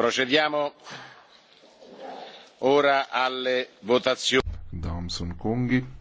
procediamo ora alle votazioni. Dāmas un kungi,